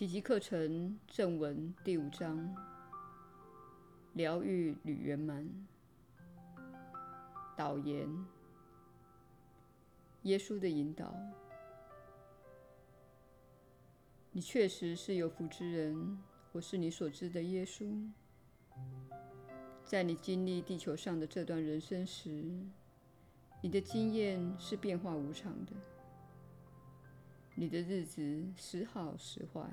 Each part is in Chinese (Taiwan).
奇蹟課程正文第五章：療癒與圓滿導言。耶穌的引導。你確實是有福之人，我是你所知的耶穌。在你經歷地球上的這段人生時，你的經驗是變化無常的。你的日子時好時壞，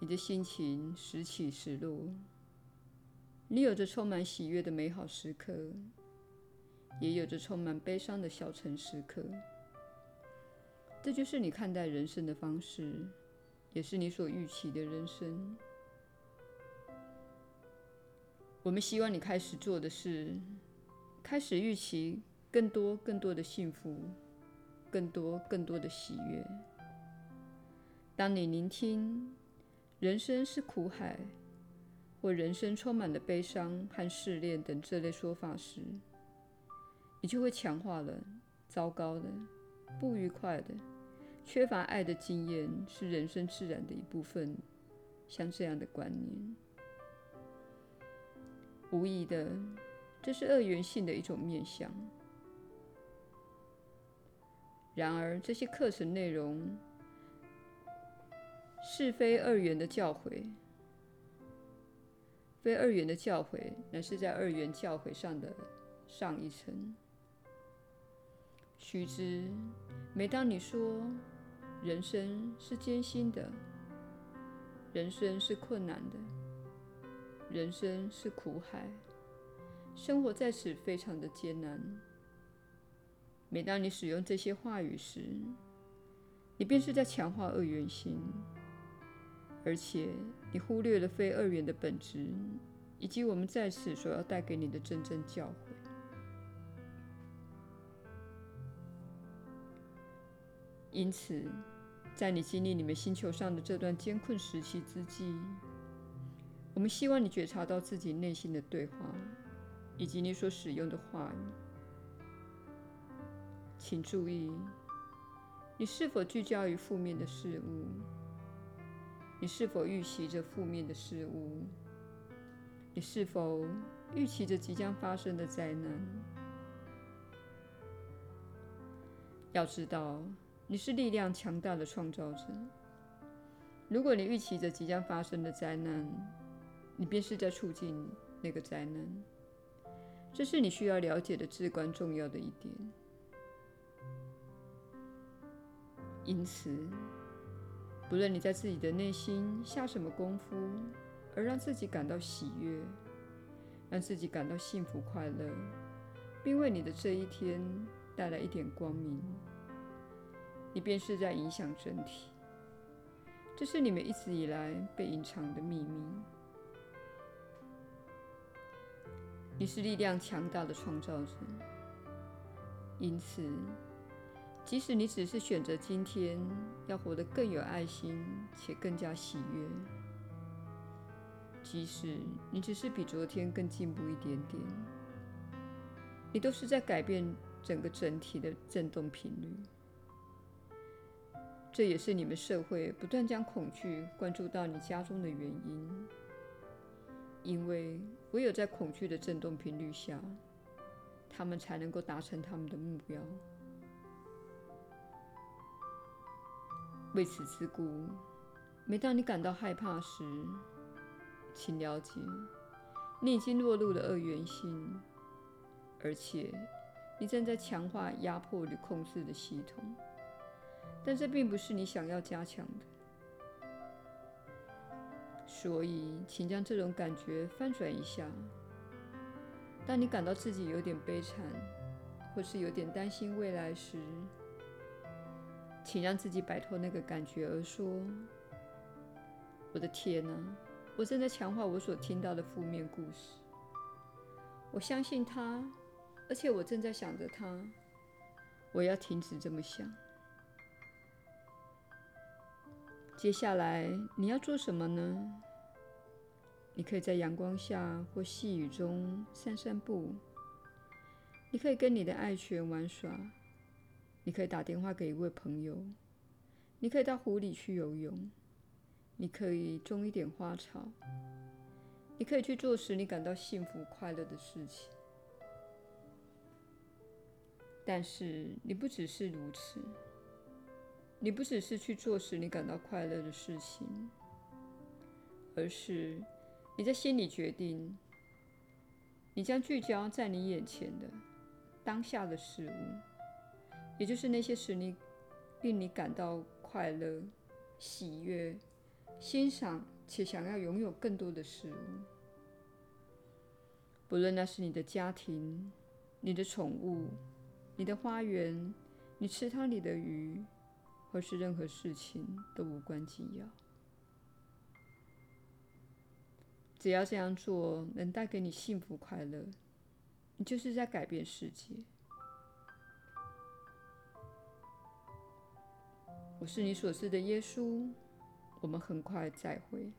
你的心情時起時落，你有着充滿喜悅的美好時刻，也有着充滿悲傷的消沉時刻。這就是你看待人生的方式，也是你所預期的人生。我們希望你開始做的是，開始預期更多更多的幸福。更多、更多的喜悅。當你聆聽“人生是苦海”或“人生充滿了悲傷和試煉”等這類說法時，你就會強化了糟糕的、不愉快的、缺乏愛的經驗是人生自然的一部分，像這樣的觀念，無疑的，這是二元性的一種面向。然而，這些課程內容是非二元的教誨，非二元的教誨乃是在二元教誨上的上一層。須知，每當你說“人生是艱辛的”，“人生是困難的”，“人生是苦海”，生活在此非常的艱難。每當你使用這些話語時，你便是在強化二元性，而且你忽略了非二元的本質，以及我們在此所要帶給你的真正教誨。因此，在你經歷你們星球上的這段艱困時期之際，我們希望你覺察到自己內心的對話，以及你所使用的話語。請注意，你是否聚焦於負面的事物？你是否預期着負面的事物？你是否預期着即將發生的災難？要知道，你是力量強大的創造者。如果你預期着即將發生的災難，你便是在促進那個災難。這是你需要了解的至關重要的一點。因此，不論你在自己的內心下什麼功夫，而讓自己感到喜悅，讓自己感到幸福快樂，並為你的這一天帶來一點光明，你便是在影響整體。這是你們一直以來被隱藏的秘密。你是力量強大的創造者，因此。即使你只是選擇今天要活得更有愛心且更加喜悅，即使你只是比昨天更進步一點點，你都是在改變整個整體的振動頻率。這也是你們社會不斷將恐懼灌注到你家中的原因，因為唯有在恐懼的振動頻率下，他們才能夠達成他們的目標。為此之故，每當你感到害怕時，請了解，你已經落入了惡元性，而且你正在強化壓迫與控制的系統。但這並不是你想要加強的，所以請將這種感覺翻轉一下。當你感到自己有點悲慘，或是有點擔心未來時，請讓自己擺脫那個感覺而說：“我的天啊！我正在強化我所聽到的負面故事。我相信它，而且我正在想着它。我要停止這麼想。接下來你要做什麼呢？你可以在陽光下或細雨中散散步。你可以跟你的愛犬玩耍。”你可以打電話給一位朋友，你可以到湖裡去游泳，你可以種一點花草，你可以去做使你感到幸福快樂的事情。但是你不只是如此，你不只是去做使你感到快樂的事情，而是你在心裡決定，你將聚焦在你眼前的當下的事物。也就是那些使你令你感到快樂、喜悅、欣賞且想要擁有更多的事物，不論那是你的家庭、你的寵物、你的花園、你池塘裡的魚，或是任何事情，都無關緊要。只要這樣做能帶給你幸福快樂，你就是在改變世界。是你所知的耶穌，我們很快再會。